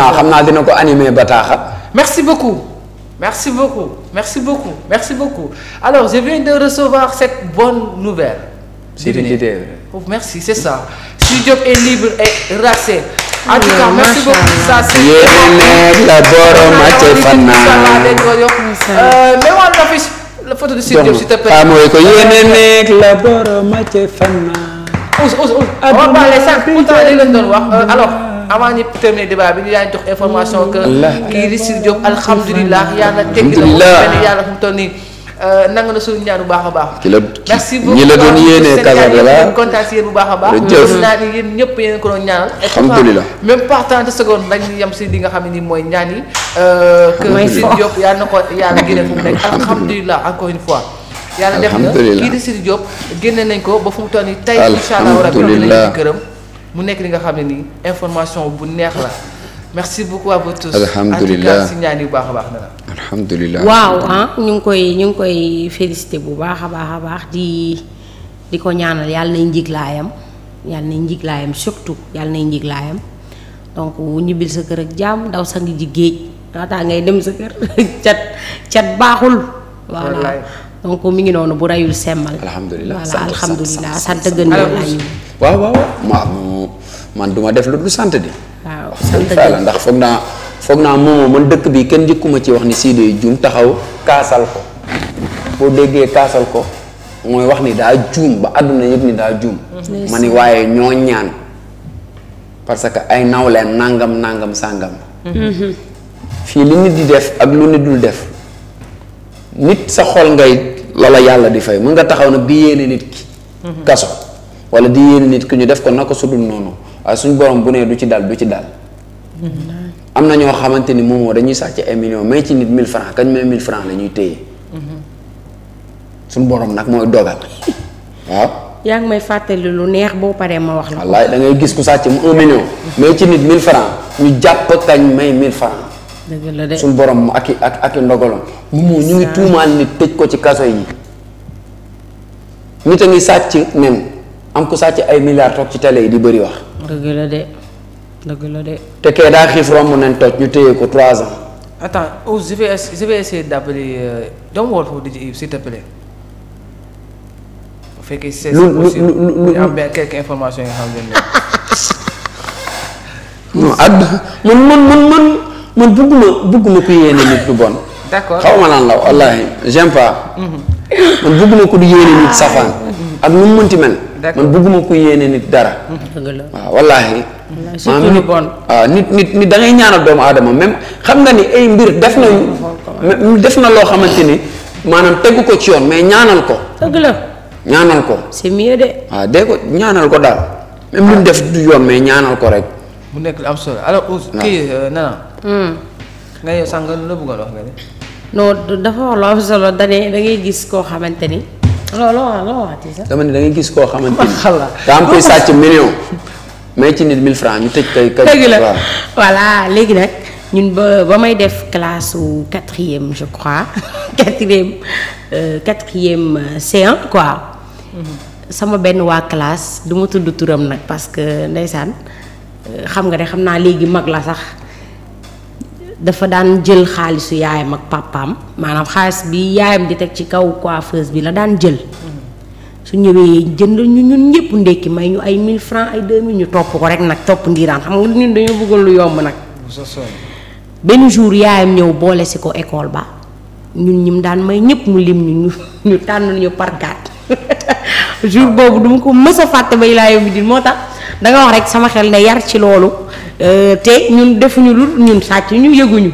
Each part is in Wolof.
naa xam naa dina ko animer bataaxa merci beaucoup merci beaucoup merci beaucoup merci beaucoup alors je viens de recevoir cette bonne nouvelle. Siri Didé oh, merci c'est ça Sidy Diop est libre et racé. en tout cas merci beaucoup ça c'est yéen la borom àcc fan naa mais wàllu affiche la photo de Sidy Diop s'il te plaît. ah mooy ko yéen nekk la borom àcc fan naa. on on on va parler ça pourtant dañ leen doon wax alors. avant ñu terminer débat bi ñu daan jox information que. kii Rissi Diop alhamdulilah yàlla teggi na benn yàlla fu mu toll nii. Euh, nangu na suñu ñaan bu baax a baax. ki la merci beaucoup la doon yéenee Casablanca ñu bu baax a baax. jërëjëf naa ni yéen ñëpp yéen ko doon ñaanal. alhamdulilah même par 30 yem si li nga xam ne nii mooy ñaan yi. Euh, que Sidi Diop na ko yàlla génne fu mu nekk alhamdulilah encore une fois. yàlla def nañ ko ba fu mu toll tey incha allah rabi dinañ mu nekk li nga xam ne nii information bu neex la merci beaucoup à vous tous. alhamdulilah ñaan yu baax a baax na waaw ah ñu ngi koy ñu ngi koy félicité bu baax a baax a baax di di ko ñaanal yàlla nay njiglaayam yàlla nay njiglaayam surtout yàlla nay njiglaayam donc ñibbil sa kër ak jàmm daw sangi ji géej waataa ngay dem sa kër cat cat baaxul. voilà donc mi ngi noonu bu rayul semmal. alhamdulilah sant sant sant sant waaw waaw ma man du def lu sant di. waaw sant di ndax foog naa foog naa moomoo man dëkk bii kenn njëkkuma ci wax ni Sidy juum taxaw kaasal ko boo déggee kaasal ko mooy wax ni daa juum ba àdduna yëpp ni daa juum. ma ni waaye ñoo ñaan parce que ay nawleen nangam nangam sàngam. Mm-hmm. fii li nit di def ak lu nit dul def nit sa xol ngay lala yàlla di fay mën nga taxaw nag bi yéene nit ki. Mm-hmm. kaso. wala di yéen nit ki ñu def ko naka sudul noonu waaye suñ borom bu nee du ci dal du ci dal am na ñoo xamante ni moom dañuy sàcc ay millions may ci nit mille francs kañ may mille francs la ñuy borom nag mooy dogal waaw. yaa ngi may fàttali lu neex boo paree ma wax la. wallaay da gis ku sàcc mu un million. may ci nit mill francs ñu jàpp kañ may mille francs dëgg borom ak i ak ak i ndogaloon. mu mu ñu ngi tuumaal nit tëj ko ci kaso yi. nit a ngi sàcc nen. am ku sàcc ay milliards toog ci télé yi di bëri wax. dëgg la de dëgg la de. te kee daa xiif romb nañ toj ñu téye ko trois ans. attends Ousse oh, je vais je vais essayer d'appeler doomu wolof di ji s'il man man man man man bugguma bugguma ku yéene nit lu bon. d'accord xaw ma naan la wallaahi j'aime pas. Mhm. man bugguma ku di yéene nit safaan. Ah. ak nu mu mënti mel. man bëgguma ku yéene nit dara. waaw ah, wallaahi. surtout lu bon waaw ah, nit nit nit da ngay ñaanal doomu aadama même xam nga ni ay mbir def na nañu. def na loo xamante ni maanaam tegu ko ci yoon mais ñaanal ko. dëgg la ko. c'est mieux de. waaw dee ko ñaanal ko daal même lu mu def du yoon mais ñaanal ko rek. mu nekk lu am solo alors. kii euh, Nana. Hmm. nga yow sànq la bëggoon gis koo xamante ni. looloo non dama ne da gis koo xamante ni daa nga koy sàcc million. may ci nit 1000 francs ñu tëj kay. kay dëgg la voilà léegi nag ñun ba ba may def classe su quatrième je crois quatrième euh, quatrième euh, C1 quoi. Mhm. sama benn waa classe du ma tudd turam nag parce que ndeysaan euh, xam nga de xam naa léegi mag la sax. dafa daan jël xaalisu yaayam ak papaam maanaam xaalis bi yaayam di teg ci kaw coiffeuse bi la daan jël su ñëwee jënd ñu ñun ñëpp ndékki may ñu ay 1000 francs ay 2000 ñu topp ko rek nag topp ndiiraan xam nga ñun dañoo bëggoon lu yomb nag. benn jour yaayam ñëw boole si ko école ba ñun ñim daan may ñëpp mu lim ñu ñu tànn ñu parkaat jour boobu du ko mës a fàtte ba ilaa yawmi diin moo tax da wax rek sama xel ne yar ci loolu. Euh, te ñun defuñu lu ñun sàcc ñu yëguñu.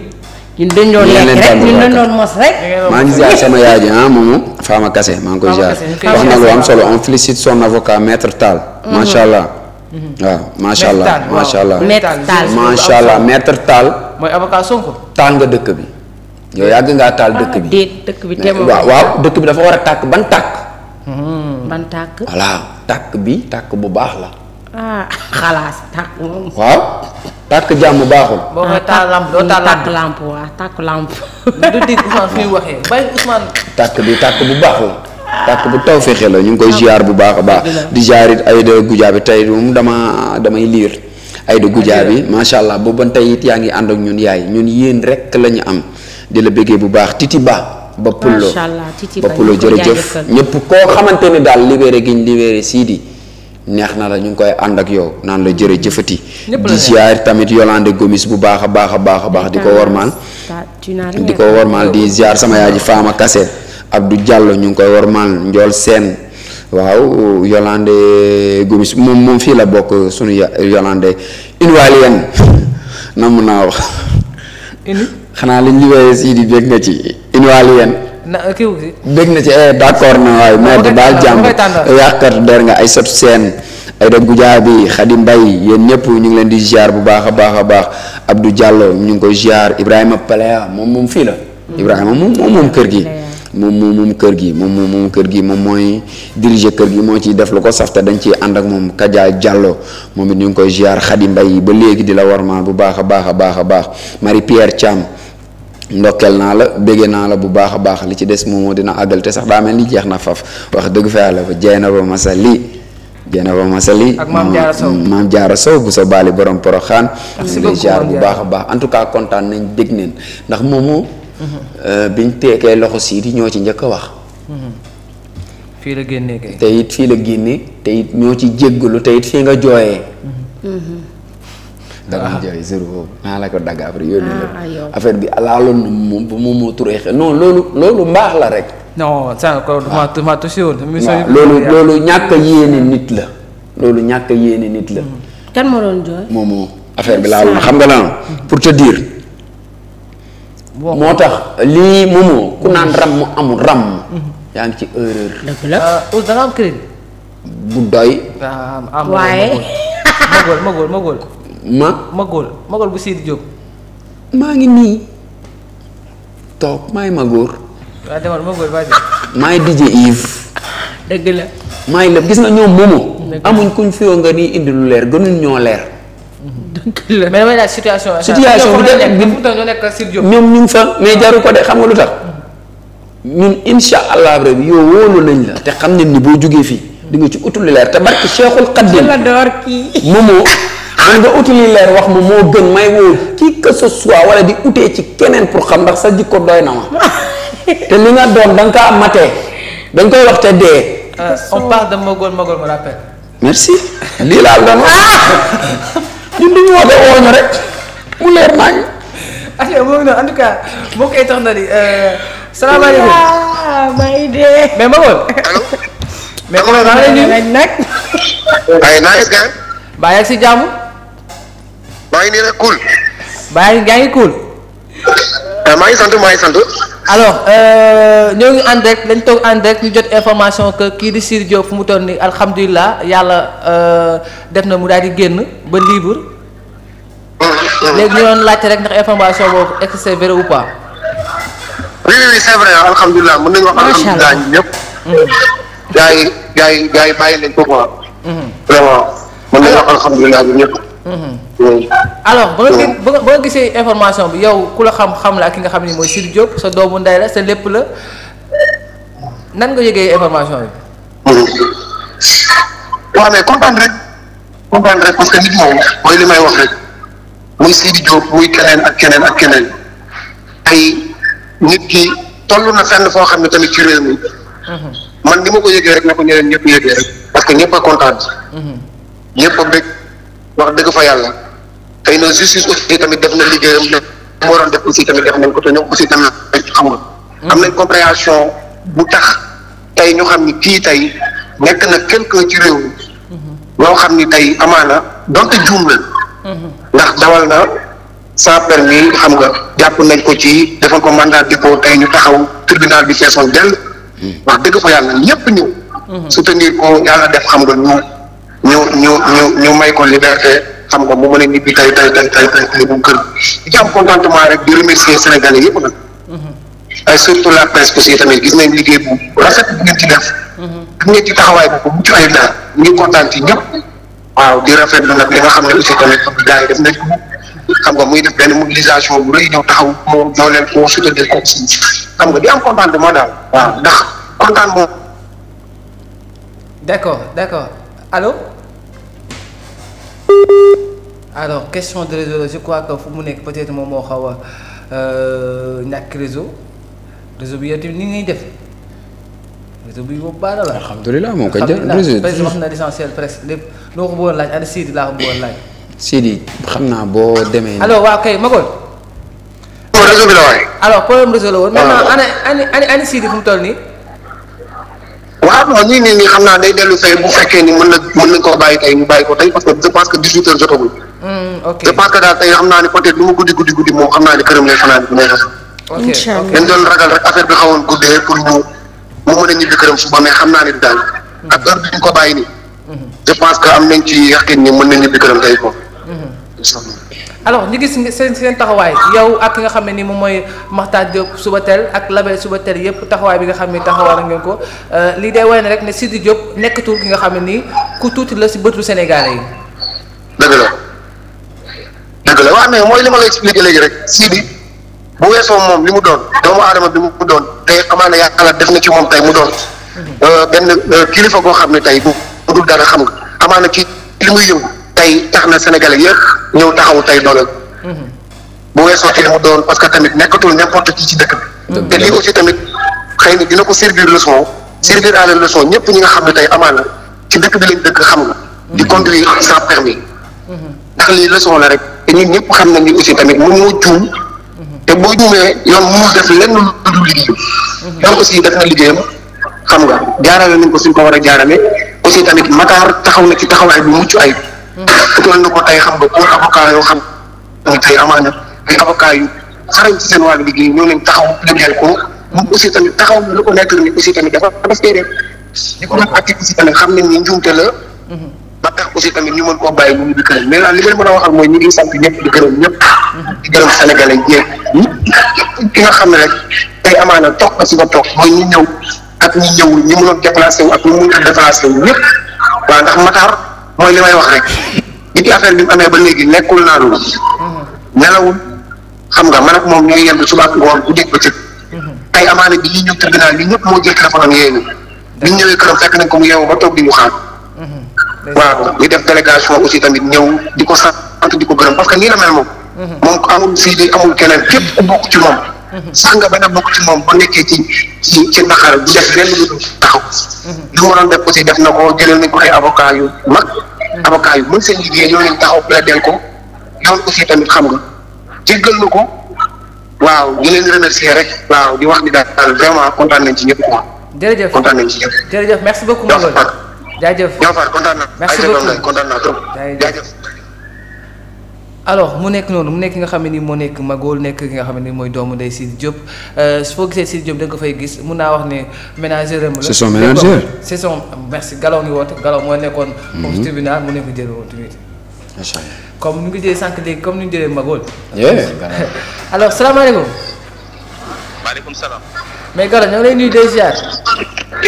ñun dañ doon lekk rek ñun dañ doon mos rek. maa ngi ziar sama yaay ji ah moomu Fama Kassé maa ngi koy ziar wax na lu am solo on félicite son avocat maître Tall. Mhm. macha allah. Mhm. waaw macha allah macha allah macha allah maître Tall. mooy avocat Sonko. taal nga dëkk bi. yow yàgg ngaa taal dëkk bi déet dëkk bi teewul waaw dëkk bi dafa war a tàkk ban tàkk. Mhm. ban tàkk. voilà tàkk bi tàkk bu baax la. ah xalaas tàkk moom. waaw tàkk jàmm baaxul. boo ko taal lamp doo tàkk bi tàkk bu baax la. tàkk bu taw fexe la ñu ngi koy ziar bu baax a baax. di ziar it Aïda Goudiaby tey moom dama damay liir. Aïda Goudiaby macha allah boobu tey it yaa ngi ànd ak ñun yaay ñun yéen rek la ñu am di la bëggee bu baax Titi Ba. ba Pullo macha allah Titi Ba ba Pullo jërëjëf ñëpp koo xamante ne daal libéré giñ libéré Sidi neex na la ñu ngi koy ànd ak yow naan la jërëjëfati. ñëpp di ziar tamit Yolande Gomis bu baax a baax a baax a baax. di ko wormaal di ko wormaal di ziar sama yaay ji Fama Kassé du jàll ñu ngi koy wormaal Ndiol Sène waaw Yolande Gomis moom moom fii la bokk sunu Yolande inwaliyen na naa wax. xanaa liñ li wooyee sii di bég nga ci inwaliyen na kii wu dégg na ci eh, d' accord na waaye maître baal jàmm yàqat der nga ay sot seen ay da gujaa bi Xadim Mbaye yéen ñëpp ñu ngi leen di ziar bu baax a baax a baax Abdou Diallo ñu ngi koy ziar Ibrahima Palea moom moom fii la. Hmm. Ibrahima kër gi. moom moom kër gi moom kër gi moom mooy diriger kër gi moo ciy def lu ko safta dañ ciy ànd ak moom Kaja jàlloo moom it ñu ngi koy ziar Xadim Mbaye ba léegi di la war warmaal bu baax a baax a baax a baax Marie Pierre Thiam. ndokkeel naa la béggee naa la bu baax a baax li ci des moom moo dina àggal te sax daa mel ni jeex na faf wax dëgg fa yàlla ba jey na ba masa lii jey na ba masa lii maam jaara sow bu sa baali borom poroxaan lay jaar bu baax a baax en tout cas kontaan nañ dégg neen ndax moomu mhm. euh, biñ teekee loxo sii di ñoo ci njëkk a wax mhm. fii la génnee kay te it fii la génne te it ñoo ci jéggalu te it fii nga jooyee mhm. da doon jooy jour boobu naa la ko dagg après yónni bi laaloon na loolu loolu mbaax la rek. non ça ko ma ah. ma touché woon. loolu loolu ñàkk a yéene nit la. loolu ñàkk yéene nit la. Mm. kan moo doon jooy. moom moo affaire bi laaloon xam nga lan mm. pour te dire. moo tax lii moomoo ku naan ram mm. mu amul ram. Mm-hmm. yaa ngi ci erreur. Euh, bu doy. Ah, waaye. magul ma magool Magóor bu Sidi Diop. maa ngi nii toog maay Magóor. waaw demal Magóor baa maay DJ Yves. dëgg la. maay lépp gis nga ñoom moomu. amuñ kuñ fi nga nii indi lu leer gënuñ ñoo leer. dëgg la mais situation. situation bi ñoom ñu ngi fa mais jaru ko de xam nga lu tax. ñun insha allah bi yow wóolu nañ la. te xam nañ ni boo jugee fii. di ci utul leer te barki Cheikhul Khadim. la man nga uti li leer wax ma moo gën may woo qui que ce soit wala di utee ci keneen pour xam ndax sa jikko doy na ma te li nga doon da nga kaa matee da nga koy wax te dee. Euh, on parle de Mogol Mogol me rappelle. merci lii laa doon wax ah! ñun du ñu woote woo ñu rek mu leer nañ. ok moom na en tout cas moo koy tax na di euh, salaamaaleykum. waaw may dee. mais Mogol. allo. mais Mogol maa ngi lay nuyu. ay naa si jàmm. maa ngi nii rek cool. maa ngi yaa ngi cool. Ah, maa ngi sant maa ngi sant. alors euh, ñoo ngi ànd rek dañ toog ànd rek ñu jot information que kii di Sidy Diop fu mu toll nii alhamdulilah yàlla euh, def na mu daal di génn ba libre. léegi ñu doon laajte rek ndax information boobu est-ce que c'est vrai pas. Mm-hmm. yi gars yi Mm-hmm. alors ba nga ba gisee information bi yow ku la xam-xam la ak ki nga xam ni mooy Sidy Diop sa doomu ndey la sa lépp la nan nga yëgee information bi. Mm-hmm. waaw kontaan rek kontaan rek parce que nit li may wax rek muy Sidy Diop muy keneen ak keneen ak keneen ay nit ki toll na fenn foo xam ne tamit ci réew mi. Mm-hmm. man ni ma ko yëgee rek na ko ñeneen ñëpp yëgee rek parce que ñëpp a kontaan. bëgg. wax dëgg fa yàlla xëy na justice aussi tamit def na liggéeyam ne moo waroon def aussi tamit def nañ ko te ñoom aussi tamit xam nga. nañ compréhension bu tax tey ñu xam ni kii tey nekk na quelqu'un ci réew loo xam ni tey amaana donte juum la ndax dawal na sans permis xam nga jàpp nañ ko ci defal ko mandat dépôt tey ñu taxaw tribunal bi feesoon dell hmm. wax dëgg fa yàlla ñëpp ñëw hmm. soutenir ko yàlla def xam nga ñu ñu ñu ñu ñu may ko liberté xam nga mu mën a ñibbi tay tay tay tay tay tay bu kër di ci am contentement rek di remercier sénégalais yëpp nag. ay mhm. surtout la presse aussi tamit gis nañ liggéey bu rafet bu ngeen ci def. bu mhm. ngeen ci taxawaay bu mucc ayib daal ñu ngi kontaan ci ñëpp. waaw di rafetlu nag li nga xam ne aussi tamit gars yi def nañ ko xam nga muy def benn mobilisation bu rëy ñëw taxaw moo ñoo leen ko soutenir ko si xam nga di am contentement daal. waaw ndax kontaan moom. d'accord d'accord allo. alors question de réseau la je crois que fu mu nekk peut-être moom moo xaw a euh, ñàkk réseau réseau bi yow tamit ni ngay def réseau bi boobu baax na la. alhamdulilah moom kay jël réseau président wax na l'essentiel presque lépp loo ko bëggoon laaj ana Sidi laa ko bëggoon laaj. Sidi xam naa boo demee. allo waaw kay Magone. Oh, réseau bi la waaye. alors problème réseau la woon. Ah. maintenant ana ana ana Sidi fu mu toll nii. waaw non ñii nii nii xam naa day dellu say bu fekkee ni mën na mën nañ koo bàyyi tey mu bàyyi ko tey parce que Mm, ok je pense que daal tey xam naa ne peut-être lu mu guddi guddi guddi moom xam naa ne këram lay fanaan bi neexee. incha allah dañ doon ragal rek affaire bi xawoon guddee pour mu mu mën a ñibbi këram suba mais xam naa ne daal mm-hmm. ak heure bi ñu ko bàyyi nii. Mm-hmm. je pense que am nañ ci yaqin ni mën na ñibbi këram tey ko mm-hmm. incha allah alors ñu gis seen seen taxawaay yow ak ki nga xam ne ni moom mooy Makhtar Diop Subatel ak label Subatel yëpp taxawaay bi nga xam ne taxawaay ngeen ko euh, lii day wane rek ne Sidy Diop nekkatul ki nga xam ne nii ku tuuti la si bëtu Sénégalais yi. dëgg la. waaw mooy li ma la expliqué léegi rek Sidi bu weesoo moom li mu doon doomu aadama bi mu doon tey xamaa ne yàlla def na ci moom tey mu doon euh, benn euh, kilifa goo xam ne tey bu dul dara xam nga xamaa ne ci li muy yëngu tey tax na Sénégalais yëpp ñëw taxawu tey dooleel mm-hmm. bu weesoo ci li mu doon parce que tamit nekkatul n'importe qui ci dëkk bi mm-hmm. te lii aussi tamit xëy na dina ko servir leçon servir à la leçon ñi nga xam ne tey amaana ci dëkk bi lañ dëkk xam nga di mm-hmm. conduire sans permis ndax lii leçon la rek te ñun ñëpp xam nañ ni aussi tamit moom moo juum te boo juumee yoon mu def lenn lu dul liggéeyam yoon aussi def na liggéeyam xam nga jaarale nañ ko suñ ko war a jaarale aussi tamit Matar taxaw na ci taxawaay bu mucc ayib. utal na ko tey xam nga pour avocat yoo xam ne tey amaana ay avocat yu xarañ ci seen wàllu liggéey ñoo leen taxaw liggéeyal ko moom aussi tamit taxaw ko nekk ni aussi tamit dafa ko doon activité tamit xam nañ ni njuumte la ba tax aussi tamit ñu mën koo bàyyi mu ñibbi këram mais daal li a waxal mooy ki nga xam ne rek tey amaana toog na si ba toog mooy ñu ñëw ak ñu ñëwul ñu mënoon déplacé wu ak ñu mënoon wu ñëpp waaw ndax Matar mooy li may wax rek nit affaire bi mu amee ba léegi nekkul naanul nelawul xam nga man ak moom ñooy yendu suba ak ngoon bu dégg tey amaana bi ñuy ñëw tribunal bi ñëpp moo jël téléphone am yéen ñu ñëwee këram fekk nañ ko mu yeewu ba toog di ñu xaar waaw ñu def délégation aussi tamit ñëw di ko sant di ko gërëm parce que nii la mel moom. Mhm. moom amul fii di amul keneen képp ku bokk ci moom. Mhm. sax nga a bokk ci moom ba nekkee ci naqar di def lenn lu taxaw. Mhm. li mu def aussi def na ko jëlal nañ ko ay avocat yu mag. avocat yu mën ko yoon aussi tamit xam nga jéggal na ko waaw ñu leen remercier rek. waaw di wax di daal vraiment kontaan nañ ci ñëpp quoi. jërëjëf jaajëf Diafar kontaan naa. merci beaucoup kontaan naa trop jaajëf. alors mu nekk noonu mu nekk nga xam ne nii moo nekk Magol nekk ki nga xam ne mooy doomu ndey Sidi Diop euh, da ko fay gis mun naa wax ne ménager son ménager c'est son merci Galaw ngi woote Galaw moo nekkoon. moom mhm. tribunal mu nekk jël woon tamit. macha allah comme sànq léegi comme nu ñu jëlee Magol. alors salaamaaleykum. maaleykum salaam. mais Galaw ñoo ngi lay nuyu de ziar.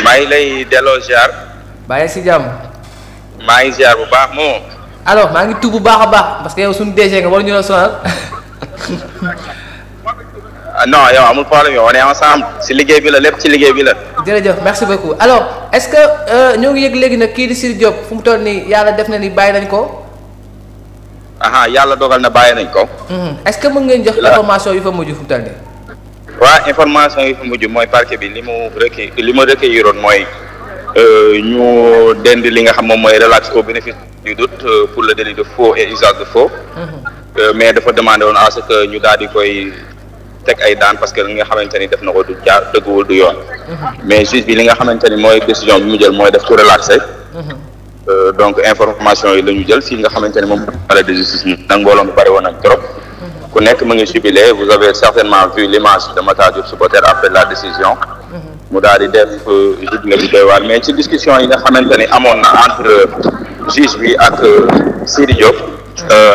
maa ngi lay delloo ziar. bàyyi si jàmm. maa ngi ziar bu baax moom. alo maa ngi tuub bu baax a baax parce que yow suñu DG nga war ñu la sonal. Ah, non yow amul problème yow on est ensemble si liggéey bi la lépp ci liggéey bi la. jërëjëf merci beaucoup alo est-ce que euh, ñoo ngi yëg léegi nag kii di Sidy Diop fu mu toll nii yàlla def na ni bàyyi nañ ko. aha yàlla dogal na bàyyi nañ ko. Mhm. est-ce que mën ngeen jox information yu fa mujj fu mu toll nii. waaw information yu fa mujj mooy parquet bi li mu recueillir li mu recueillir mooy. Euh, ñu dend li nga xam moom mooy relax au bénéfice du doute euh, pour le délit de faux et usage de mm-hmm. euh, mais dafa demande woon à ce que ñu daal di koy teg ay daan parce que li nga xamante ni def na ko du jaar dëgguwul du yoon. Mm-hmm. mais juge bi li nga xamante ni mooy décision bi mu jël mooy def ko relaxé. Mm-hmm. donc information yi la ñu jël si nga xamante ni moom palais de justice bi nag mbooloo mi bari woon nañ trop. ku nekk mu ngi jubilé vous avez certainement vu l'image de la décision. mu daal di def euh, journée bi doy waar mais ci discussion yi nga xamante ni amoon na entre euh, juge bi ak euh, Sidi Diop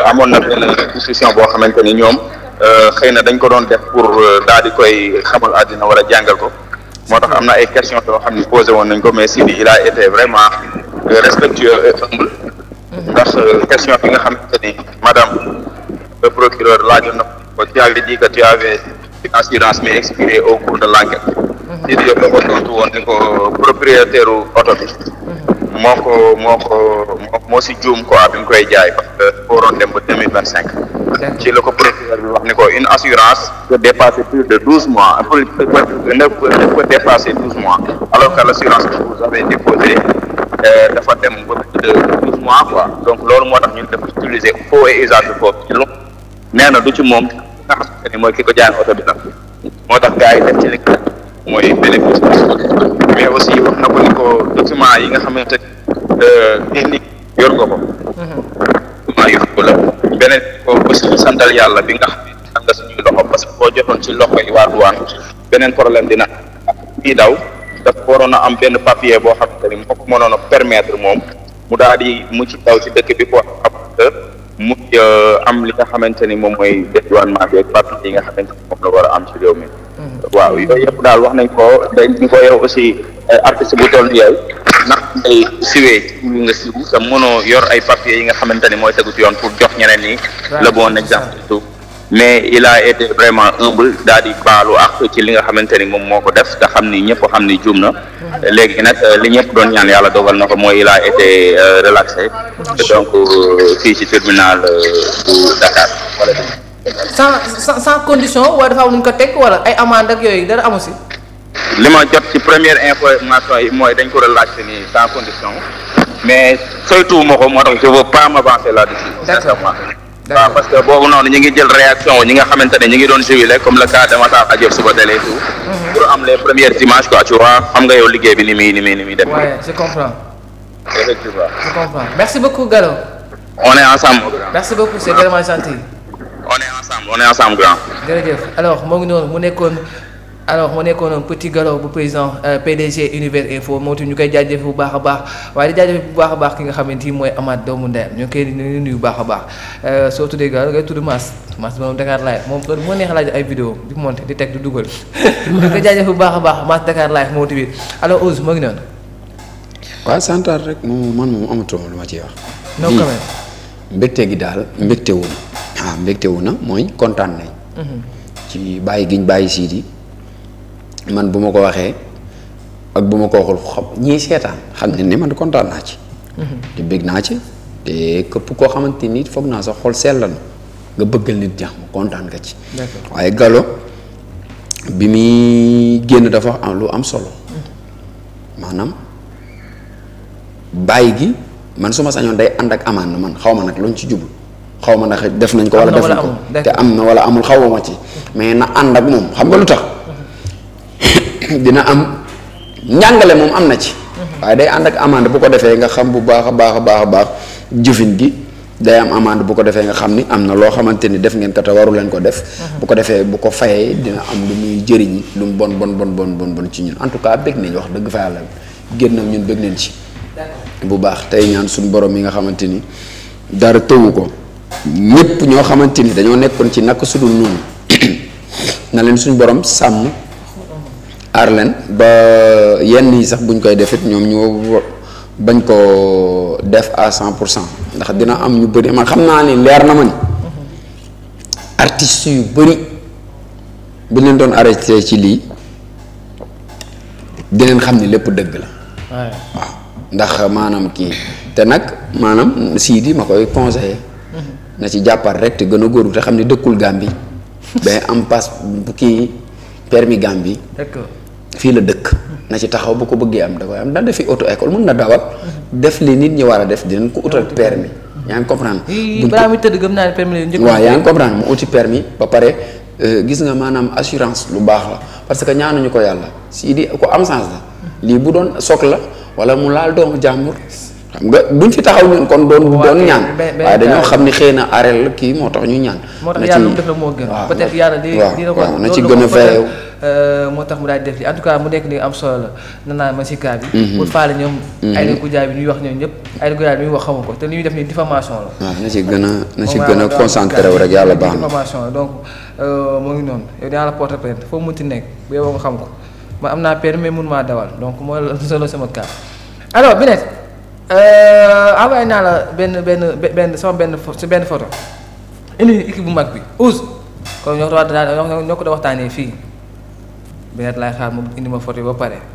amoon na benn discussion boo xamante ni ñoom xëy na dañ ko doon def pour daal di koy xamool àddina wala jàngal ko moo tax am na ay questions yoo xam ni posé woon nañ ko mais Sidi il a été vraiment respectueux et humble ndax question bi nga xamante ni madame le procureur laajoon na ko tu avais dit que tu avais une assurance mais expirée au cours de l'enquête Sidi Diop la ko tontu woon ni ko propriétaire oto bi. Mhm. moo ko moo ko moo si juum quoi bi mu koy jaay parce que waroon dem ba mille vingt cinq. ci la ko procureur bi wax ni ko une assurance peut dépasser plus de douze mois peut peut dépasser douze mois alors que l' assurance que vous avez déposée euh, dafa dem ba plus de douze mois quoi donc loolu moo tax ñun dafa utiliser faux et usage de faux nee na du ci moom nga xamante ni mooy ki jaay oto bi nag moo tax gars yi def mooy bénéfice mais aussi wax na ko ni ko document yi nga xamante euh, technique yor nga ko mm-hmm. document beneen ko aussi santal yàlla bi nga xam ne nga suñuy loxo parce que jotoon ci loxo yi waa douane beneen problème dina fii daw dafa waroon a am benn papier boo xam te ni moo ko mënoon a permettre moom mu daal di mu ci daw ci dëkk bi ko euh, am li nga xamante ni moom mooy dédouanement bi ak papier yi nga xamante ni moom la war a am ci réew mi waaw yooyu yëpp daal wax nañ ko dañ ñu ko yow aussi eh, artiste bu toll yow ndax day siwee ñu nga siw te mënoo yor ay papiers yi nga xamante ni mooy tegu ci yoon pour jox ñeneen ñi le bon exemple surtout mais il a été vraiment humble daal di baalu ak ci li nga xamante ni moom moo ko def te xam ni ñëpp xam ni juum na léegi nag eh, li ñëpp doon ñaan yàlla dogal na ko mooy il a été eh, relaxé donc euh, fii ci tribunal euh, bu Dakar. sans sans condition wala dafa am nu ñu ko teg wala ay amende ak yooyu dara amu li ma jot ci première information yi mooy dañ ko relaxé nii sans condition mais saytu ma ko moo tax je la pas m'avancer là-dessus. sincèrement waaw parce que boobu noonu ñu ngi jël réaction ñi nga xamante ne ñu ngi doon jubilé comme le cas de Matar Adjor suba dalee tout. Mhm. pour am les premières images quoi tu vois xam nga yow liggéey bi ni muy ni muy ni muy def. waaye je comprends. effectivement on est ensemble on est ensemble grand. jërëjëf alors moo ngi noonu mu nekkoon alors moo nekkoon petit Gallo bu président euh, PDG Univers Info moom tamit ñu koy jaajëfee bu baax a baax waaye di bu baax a baax nga xamante ni mooy Amath doomu ndeyam ñu ngi koy baax a baax euh, soo tuddee Gallo ngay tudd Mass Mass moom Dakar Live moom loolu moo neex laaj ay vidéo di monté di teg di dugal bu baax baax Mass Dakar Live moom tamit alors Ousse moo ngi noonu. waaw santaat rek moom man moom amatuma lu ma ci wax. non quand même. gi daal mbégte woon. ah mbégte na mooy kontaan nañ. Mhm. ci bàyyi giñ bàyyi Sidi man bu ma ko waxee ak bu ma ko waxul xam ñii seetaan xam ne ni man kontaan naa ci. Mhm. te bég naa ci te këpp koo xamante ni foog naa sax xol sell na nga bëggal nit jàmm kontaan nga ci. waaye galo bi muy génn dafa lu am solo. Mhm. maanaam bàyyi gi man su ma sañoon day ànd ak amaan na man xaw ma nag luñ ci jublu. xaw ma ndax def nañ ko wala def nañ ko te am na wala amul xaw ma ci mais na ànd ak moom xam nga lu tax dina am njàngale moom am na ci waaye day ànd ak amande bu ko defee nga xam bu baax a baax a baax a baax jëfin gi day am amande bu ko defee nga xam ni am na loo xamante ni def ngeen kat a waru leen ko def bu ko defee bu ko fayee dina am lu muy jëriñ lu mu bon bon bon bon bon bon ci ñun en tout cas bëgg nañ wax dëgg fa yàlla génn ak ñun bëgg nañ ci bu baax tey ñaan suñu borom yi nga xamante ni dara tëwu ko ñëpp ñoo xamante ni dañoo nekkoon ci naka sudul noonu na leen suñ borom sàmm aar leen ba yenn yi sax buñ koy defit ñoom ñoo bañ ko def à cent pour cent ndax dina am ñu bari man xam naa ni leer na ma ni artistes yu bëri bu leen doon arrêté ci lii dineen xam ni lépp dëgg la waaw ndax maanaam kii te nag maanaam sii di ma koy conseillé na ci jàppar rek te gën a góorlu te xam ne dëkkul Gambie ben am passe kii permis Gambie fii la dëkk na ci taxaw bu ko bëggee am da koy am daan defi auto école mun na dawal def li nit ñi war a def dinañ ko utal permis yaa ngi comprendre balaa muy tëdd gëm naa ne permis la waaw yaa ngi comprendre mu uti permis ba pare euh, gis nga maanaam assurance lu baax la parce que ñu ko yàlla si di ko am sens la lii bu doon soog la wala mu laal doomu jàmbur xam nga buñ fi taxaw ñun kon doon doon ñaan waaye dañoo xam ni xëy na arel kii moo tax ñu ñaan moo tax yàlla def moo gën peut-être ci gën a veyew euh, moo tax mu daal def li en tout cas mu nekk ni am solo la na naa ma si kaa bi mhm. pour faale ñoom mhm. ay bi ñuy wax ñoom ñëpp ay ko jaay bi ñuy wax xamu ko te li ñuy def ni diffamation la waaw na ci gën a na a concentré wu rek yàlla baax na moo euh, ngi noonu yow dinaa la porter plainte foo munti nekk bu yow nga xam ko ma am naa permis mais mun maa dawal donc moo solo sama kaa alors bi Euh, envoyé naa la benn benn benn sama benn si benn foto indi équipe bu mag bi Ousse kon ñoo ko doon waxtaanee fii bi nawet laay xaar moom indi ma photo yi ba pare.